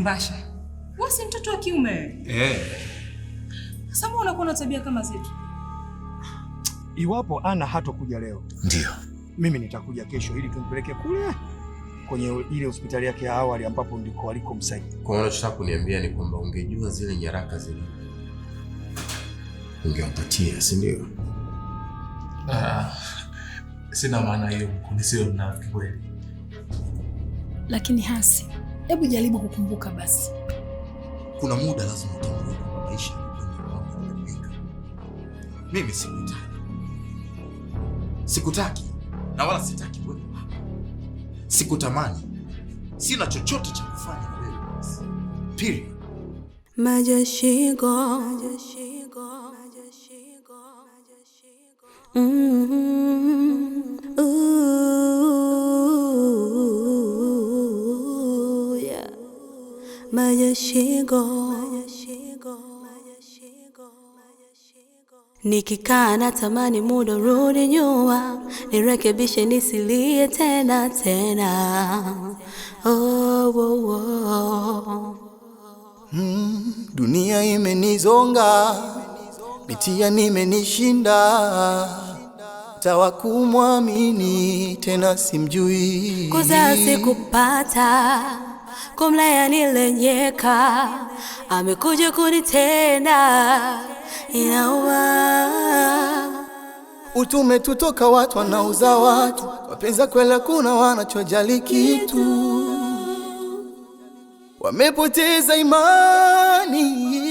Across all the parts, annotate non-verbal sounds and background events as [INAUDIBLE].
Mbasha, wewe si mtoto wa kiume eh? Sasa unakuwa na tabia kama zetu. Iwapo ana hatokuja leo, ndio mimi nitakuja kesho, ili tumpeleke kule kwenye ile hospitali yake ya awali ambapo ndiko alikomsaidia. Kwa hiyo unachotaka kuniambia ni kwamba ungejua zile nyaraka zile ungewapatia, si ndio? Ah, sina maana hiyo, kunisio na kweli. Lakini hasi Hebu jaribu kukumbuka basi, kuna muda lazima utambue kwa maisha yanabadilika. Mimi sikutaki, sikutaki na wala sitaki wewe hapa, sikutamani, sina chochote cha kufanya wewe basi. Pili, majashigo majashigo majashigo majashigo mm. shingo, nikikaa natamani muda rudi nyuma, nirekebishe nisilie tena tena. Oh, oh, oh. Mm, dunia imenizonga, mitia nimenishinda tawakumwamini tena simjui kuzasikupata kumlea nilenyeka, amekuja kunitenda, inauma. Utume tutoka watu wanauza watu, wapenza kwela, kuna wanachojali kitu, wamepoteza imani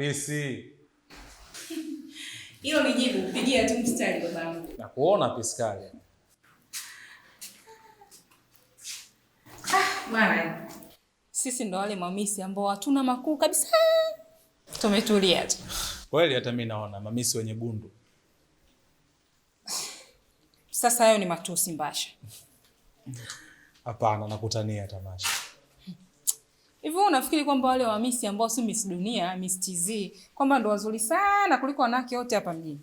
Pisi. [LAUGHS] Hilo ni jibu, pigia tu mstari babangu. Na kuona piskali. Ah, mara. Sisi ndo wale mamisi ambao hatuna makuu kabisa. Tumetulia tu. Kweli hata mimi naona mamisi wenye gundu. Sasa hayo ni matusi Mbasha. Hapana, nakutania tamasha. Hivi unafikiri kwamba wale wa Miss ambao si Miss Dunia, Miss TZ kwamba ndo wazuri sana kuliko wanawake wote hapa mjini?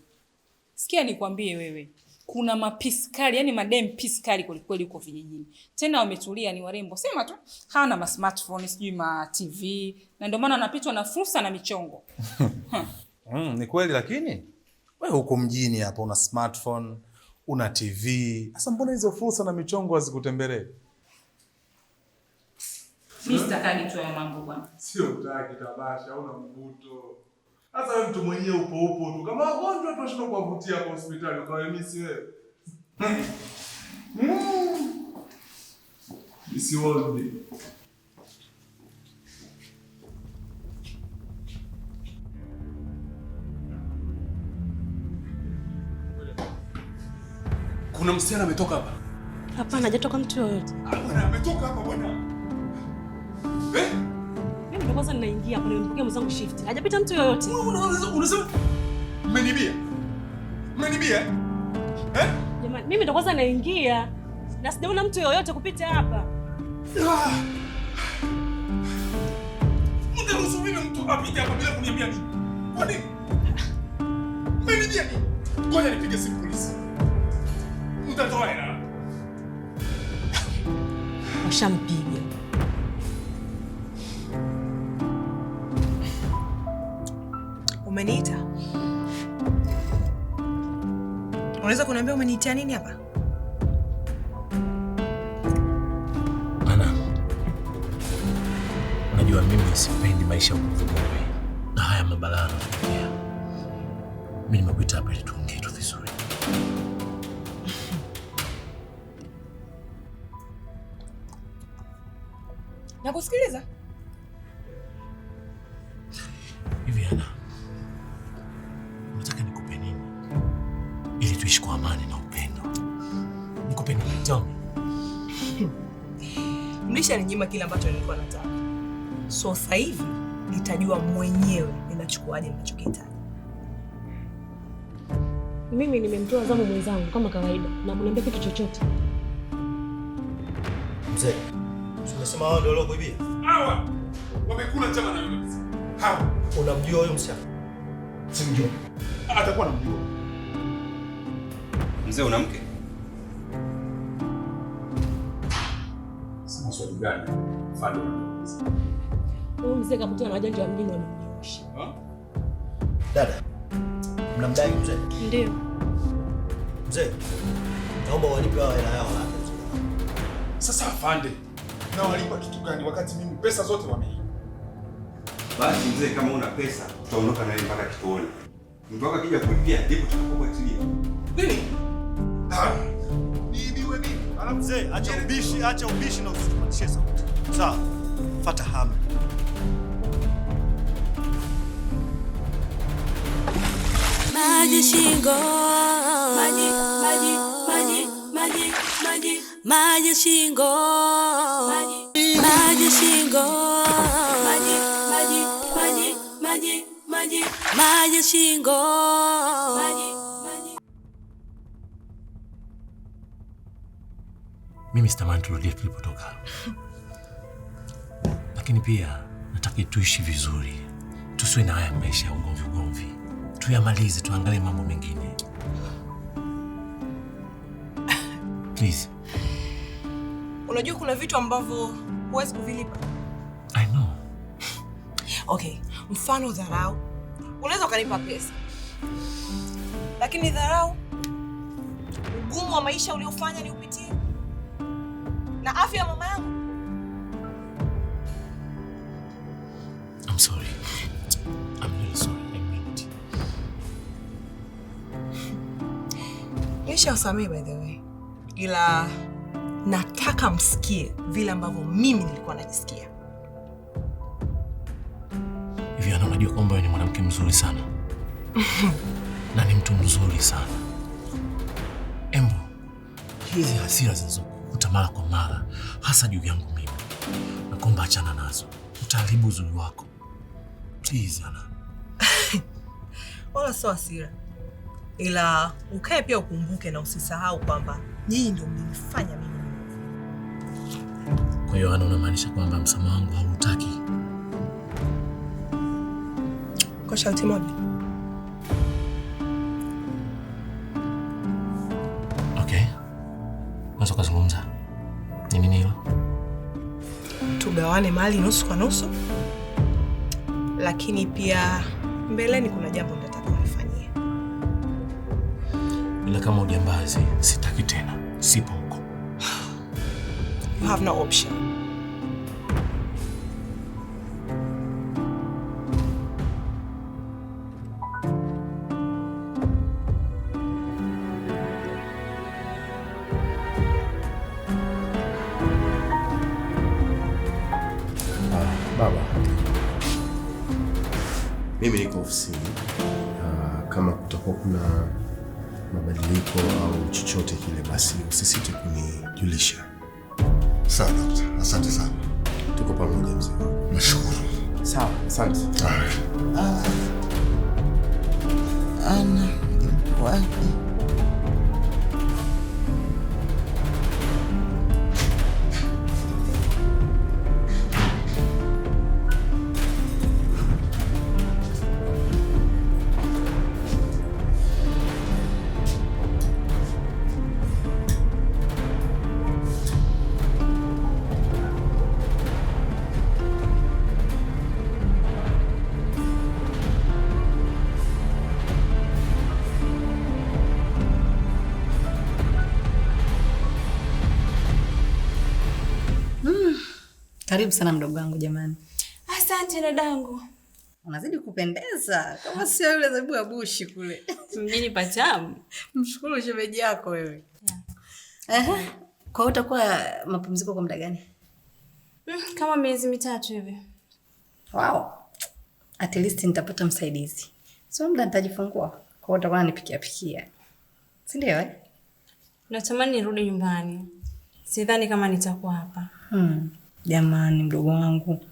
Sikia nikwambie wewe, kuna mapiskali, yani madem piskali kweli kweli huko vijijini. Tena wametulia ni warembo. Sema tu, hana ma smartphone, sijui ma TV na ndio maana anapitwa na fursa na michongo. [LAUGHS] Mm, ni kweli lakini wewe huko mjini hapa una smartphone, una TV. Sasa mbona hizo fursa na michongo hazikutembelee? Mi sitakagi tu hayo mambo bwana. Sio utaki tabasha, hauna mvuto. Sasa wewe mtu mwenyewe upo upo tu. Kama wagonjwa tu washinda kuvutia kwa hospitali kwa mimi si wewe. Mm. Isi wodi. Kuna msichana ametoka hapa? Hapana, hajatoka mtu yoyote. Hapana, ametoka hapa bwana kwanza ninaingia hapa, nimempigia mwenzangu shift. Hajapita mtu yoyote. Unasema mmenibia? Mmenibia? Eh? eh? Jamani, mimi ndo kwanza naingia na sijaona mtu yoyote kupita hapa. Ah. Mtaruhusu vipi mtu apite hapa bila kuniambia nini? Kwani mmenibia nini? Ngoja nipige simu polisi. Mtatoa hela. Washampiga. Unaambia umeniitia nini hapa? Ana, unajua mimi sipendi maisha ya kuvumilia na haya mabalaa yanatokea. Mimi nimekuita hapa ili tuongee tu vizuri. Nakusikiliza. alinyima kile ambacho nilikuwa nataka, so sasa hivi nitajua mwenyewe ninachukuaje ninachokihitaji. Mimi nimemtoa zamu mwenzangu kama kawaida na mniambia kitu chochote. Mzee, umesema hao ndio waliokuibia? Hawa wamekula chama na yule mzee. Hawa unamjua huyo msichana? Simjua. Atakuwa namjua. Mzee una mke? gani? Huyu mzee kakutana na Dada, mnamdai mzee? Ndio. Mzee, naomba hela yao. Sasa afande, na walipa kitu gani wakati mimi pesa zote wameipa? Basi mzee, kama una pesa tutaondoka naye mpaka kituoni. Mtu wako akija kulipia ndipo tutakapokuachilia. Mzee, acha ubishi, acha ubishi na usitupatie sauti. Sawa. fata hamu. Maji shingo. Maji, maji, maji, maji, maji. Maji shingo. Maji, maji shingo. Maji, maji, maji, maji, maji. Maji shingo. Maji. mimi sitamani turudie tulipotoka, lakini pia nataka tuishi vizuri, tusiwe na haya maisha ya ugomvi ugomvi, tuyamalize, tuangalie mambo mengine please. Unajua kuna vitu ambavyo huwezi kuvilipa. I know. Okay, mfano dharau, unaweza ukalipa pesa, lakini dharau, ugumu wa maisha uliofanya ni upitie na afya ya mama yangu. I'm sorry. I'm really sorry. I mean it. Nimeshawasamehe by the way, ila nataka msikie vile ambavyo mimi nilikuwa najisikia. Hivi Ana, unajua kwamba wewe ni mwanamke mzuri sana [LAUGHS] na ni mtu mzuri sana. Embo, hizi hasira zilizo mara kwa mara, hasa juu yangu mimi. Naomba achana nazo, utaharibu uzuri wako. Please Ana. [LAUGHS] Wala sio hasira, ila ukae pia ukumbuke na usisahau kwamba nyinyi ndio mlinifanya mimi. Kwa hiyo Ana, unamaanisha kwamba msamaha wangu hautaki? Kwa sharti moja tugawane mali nusu kwa nusu, lakini pia mbeleni kuna jambo nataka unifanyie. Ila kama ujambazi sitaki tena, sipo huko. You have no option. kuna mabadiliko au chochote kile, basi usisite kunijulisha. Sawa asante sana. Tuko pamoja mzee. Nashukuru. Sawa, asante. Ah. Ana wapi? Karibu sana mdogo wangu jamani. Asante dadangu. Unazidi kupendeza kama sio yule zabibu ya bushi kule mjini Pachamu. Mshukuru shemeji yako wewe. Yeah. Kwa hiyo utakuwa mapumziko kwa muda gani? Mm, kama miezi mitatu hivi. Wow. At least nitapata msaidizi. So muda nitajifungua. Kwa hiyo utakuwa nipikia pikia. Si ndio eh? Natamani nirudi nyumbani. Sidhani kama nitakuwa hapa. Hmm. Jamani, mdogo wangu,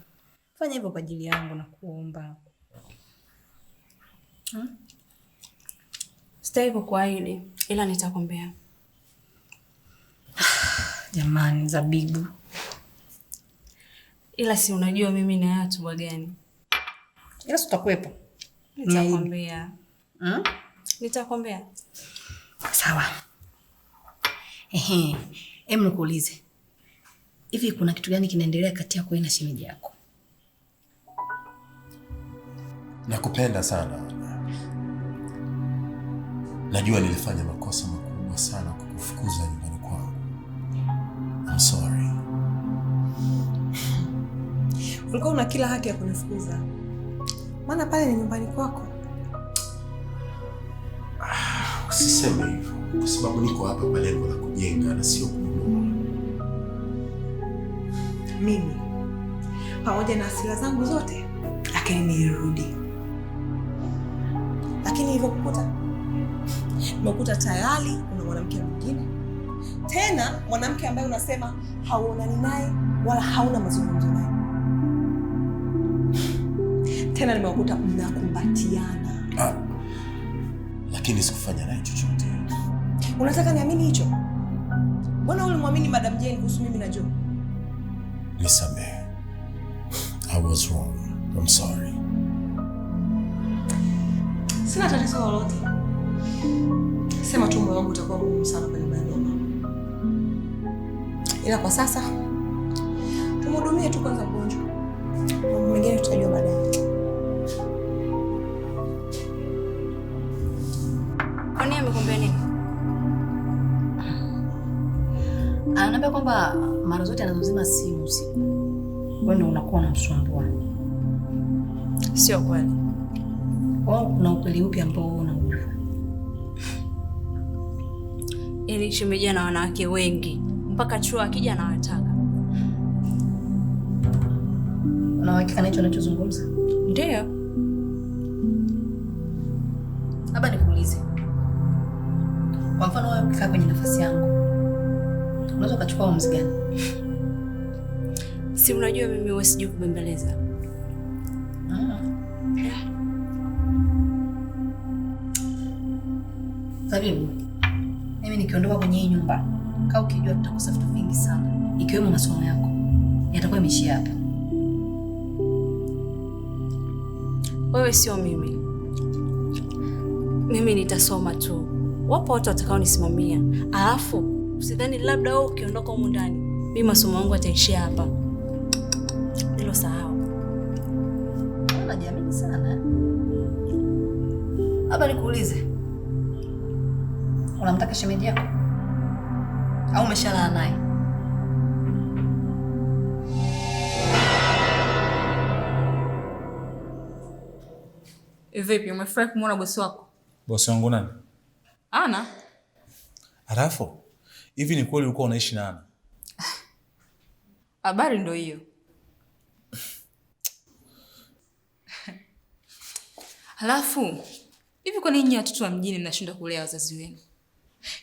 fanya hivyo kwa ajili yangu, nakuomba hmm? Sitaki kukuahidi, ila nitakwambia. [SIGHS] Jamani Zabibu, ila si unajua mimi na wa gani? Ila si utakuwepo, nitakwambia hmm? Nitakwambia sawa. Ehe, em nikuulize Hivi kuna kitu gani kinaendelea kati yako na shemeji yako? Nakupenda sana Ana. Najua nilifanya makosa makubwa sana kukufukuza nyumbani kwangu. I'm sorry. [LAUGHS] Ulikuwa una kila haki ya kunifukuza, maana pale ni nyumbani kwako. Ah, usiseme hivyo, kwa sababu niko hapa kwa lengo la kujenga na sio mimi pamoja na hasira zangu zote, lakini nilirudi. Lakini nilivyokukuta, nimekuta tayari una mwanamke mwingine, tena mwanamke ambaye unasema hauonani naye wala hauna mazungumzo naye, tena nimekuta mnakumbatiana. Ah, lakini sikufanya naye chochote. Unataka niamini hicho? Mbona ulimwamini Madam Jane kuhusu mimi na Joe? nisamehe. I was wrong. I'm sorry. Sina tatizo lolote. Sema tu moyo wangu utakuwa mgumu sana kwenye baadhi ya mambo. Ila kwa sasa tumhudumie tu kwanza mgonjwa. Mambo mengine tutajua baadaye. kwamba mara zote anazozima simu usiku, wewe ndio unakuwa unamsumbua. Sio kweli? Au kuna ukweli upi ambao unaujua? Ili imejaa na wanawake wengi, mpaka chuo akija anawataka. Unahakika na hicho anachozungumza? Ndio. Labda nikuulize, kwa mfano wewe ukikaa kwenye nafasi yangu unaweza ukachukua uamuzi gani? Si unajua mimi wewe sijui kubembeleza. Ah. Mimi nikiondoka kwenye hii nyumba, kaa ukijua tutakosa vitu vingi sana, ikiwemo masomo yako yatakuwa imeishia hapa. Wewe sio mimi, mimi nitasoma tu. Wapo watu watakaonisimamia alafu Usidhani labda wewe ukiondoka humu ndani mimi masomo yangu ataishia hapa. Hilo sahau. Unajiamini sana. Hapa eh? nikuulize. Unamtaka shemeji yako? Au umeshalala naye? Eh, vipi, umefurahi kumwona bosi wako? Bosi wangu nani? Ana. Alafu Hivi ni kweli ulikuwa unaishi na Ana? Habari ndo hiyo. Halafu hivi kwa nini watoto wa mjini mnashinda kulea wazazi wenu?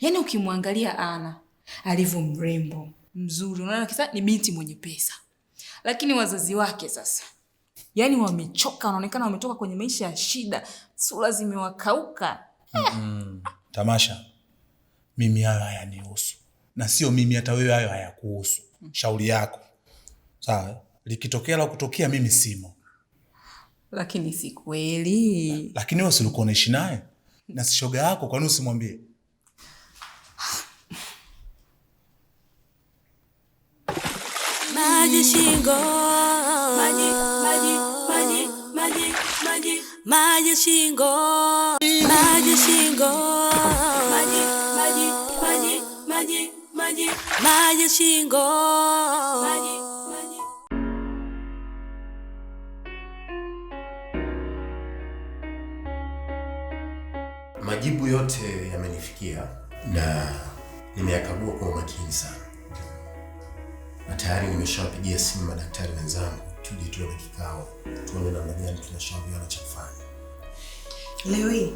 Yaani ukimwangalia Ana alivyo mrembo, mzuri, unaona kisa ni binti mwenye pesa. Lakini wazazi wake sasa yaani wamechoka, wanaonekana wametoka kwenye maisha ya shida, sura zimewakauka. Mm -mm. Tamasha, mimi haya hayanihusu na sio mimi, hata wewe, hayo hayakuhusu, shauri yako sawa. Likitokea la kutokea, mimi simo. Lakini si kweli. la, Lakini wewe si unaishi naye na si shoga yako, kwani usimwambie? Maji shingo, maji, maji, maji, maji, maji, maji shingo, maji shingo maji shingo Majibu yote yamenifikia na nimeyakagua kwa umakini sana, na tayari nimeshawapigia simu madaktari wenzangu tuje tuwe na kikao tuone namna gani tunashauriana cha kufanya. Leo hii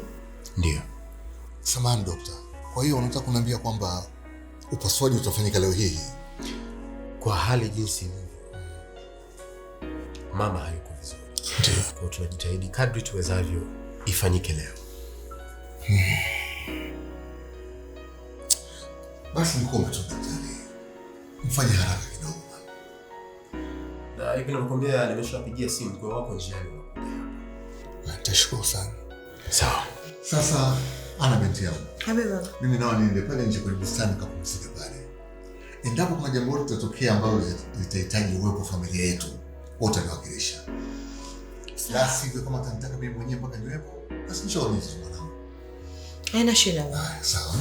ndio. samani dokta, kwa hiyo unataka kuniambia kwamba upasuaji utafanyika leo hii Kwa hali jinsi ilivyo, mama hayuko vizuri, ndio tunajitahidi kadri tuwezavyo ifanyike leo. Hmm. Basi mfanye haraka kidogo, na hivi nakwambia, nimeshapigia simu kwa wako njiani. Nitashukuru sana. Sawa, sasa ana binti yangu mimi nao niende pale nje kwenye bustani kapumzike pale. Endapo kuna jambo lolote litatokea ambalo litahitaji uwepo familia yetu, wote nawakilisha. La sivyo, kama atanitaka mimi mwenyewe mpaka niwepo, basi njooni tu mwanangu. Haina shida. Ah, sawa.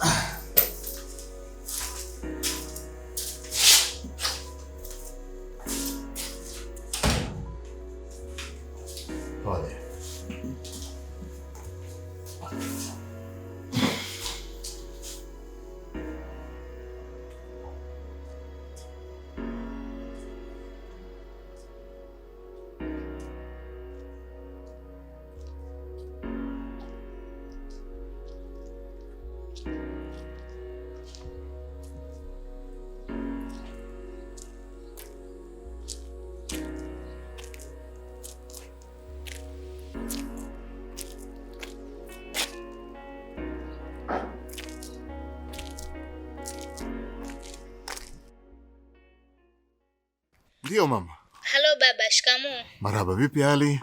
Ah. Pole. Ndio mama. Halo baba, shikamoo. Marhaba, vipi hali?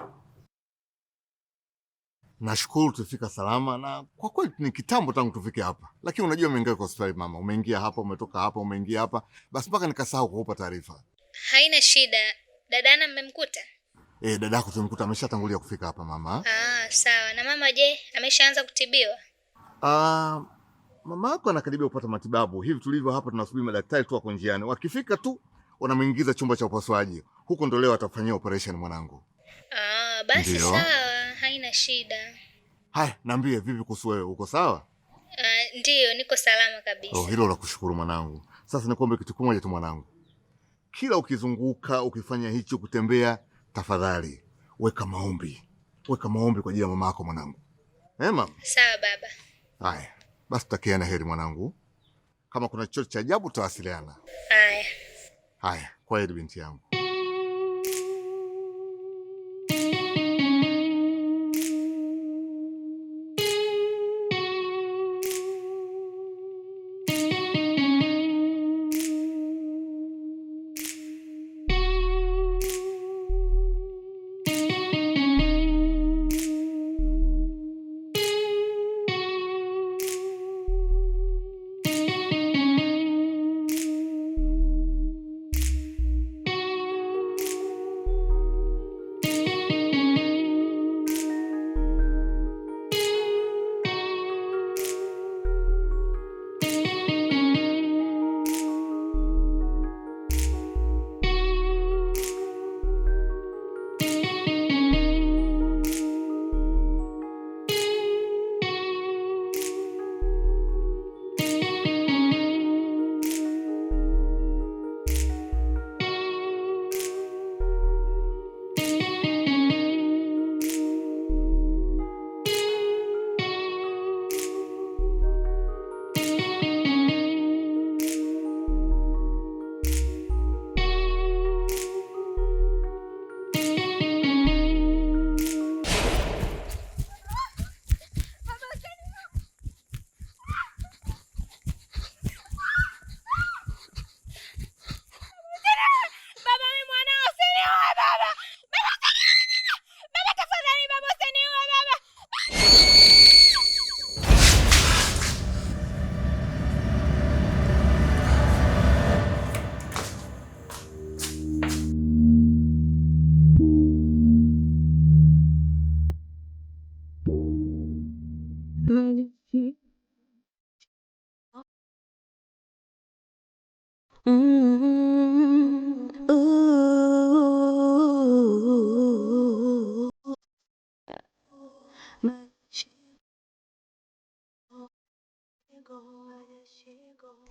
Nashukuru tufika salama, na kwa kweli ni kitambo tangu tufike hapa, lakini unajua umeingia kwa hospitali mama, umeingia hapa, umetoka hapa, umeingia hapa, basi mpaka nikasahau kukupa taarifa. Haina shida. Dadana mmemkuta? Eh, dadako tumemkuta, ameshatangulia kufika hapa mama. Ah, sawa. Na mama je, ameshaanza kutibiwa? Ah, mama yako anakaribia kupata matibabu. Hivi tulivyo hapa tunasubiri madaktari tu wako njiani, wakifika tu wanamwingiza chumba cha upasuaji. Huko ndo leo atafanyia operation mwanangu. Ah, basi ndiyo. sawa, haina shida. Haya, niambie vipi kuhusu wewe, uko sawa? Uh, ah, ndiyo, niko salama kabisa. Oh, hilo la kushukuru mwanangu. Sasa nikuombe kitu kimoja tu mwanangu, kila ukizunguka ukifanya hicho kutembea, tafadhali weka maombi, weka maombi kwa ajili ya mama yako mwanangu. Eh, mama? Sawa baba. Haya basi, tutakiana heri mwanangu, kama kuna chochote cha ajabu tutawasiliana. Haya. Haya, kwaheri binti yangu.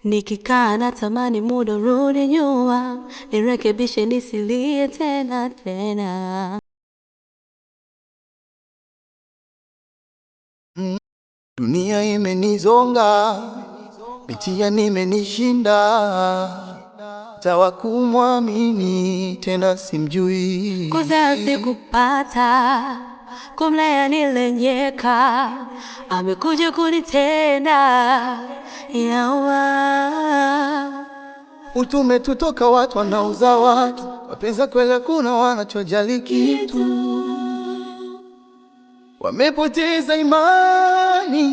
Nikikaa na tamani muda urudi nyuma, nirekebishe nisilie tena tena. Umenizonga, mitihani imenishinda, tawakumwamini tena simjui, kuzazi kupata kumlea nilenyeka, amekuja kunitenda yauma utume tutoka watu wanauza watu, wapenza kwele kuna wanachojali kitu wamepoteza imani.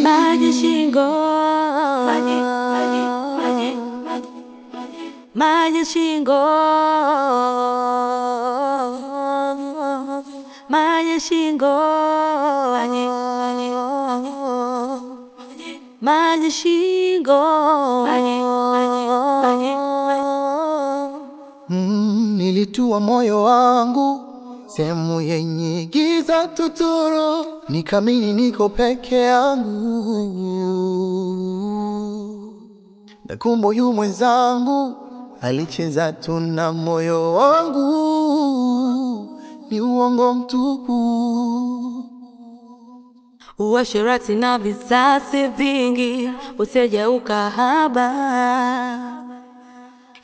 Maji shingo, maji, shingo, maji shingo, maji, shingo, mm, nilitua moyo wangu sehemu yenye gi za ni nikamini niko peke yangu, kumbo yu mwenzangu alicheza tu na moyo wangu, ni uongo mtupu uasherati na visasi vingi, usejeukahaba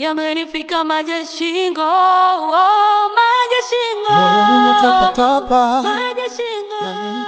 yamenifika maji shingo, oh, maji shingo, maji shingo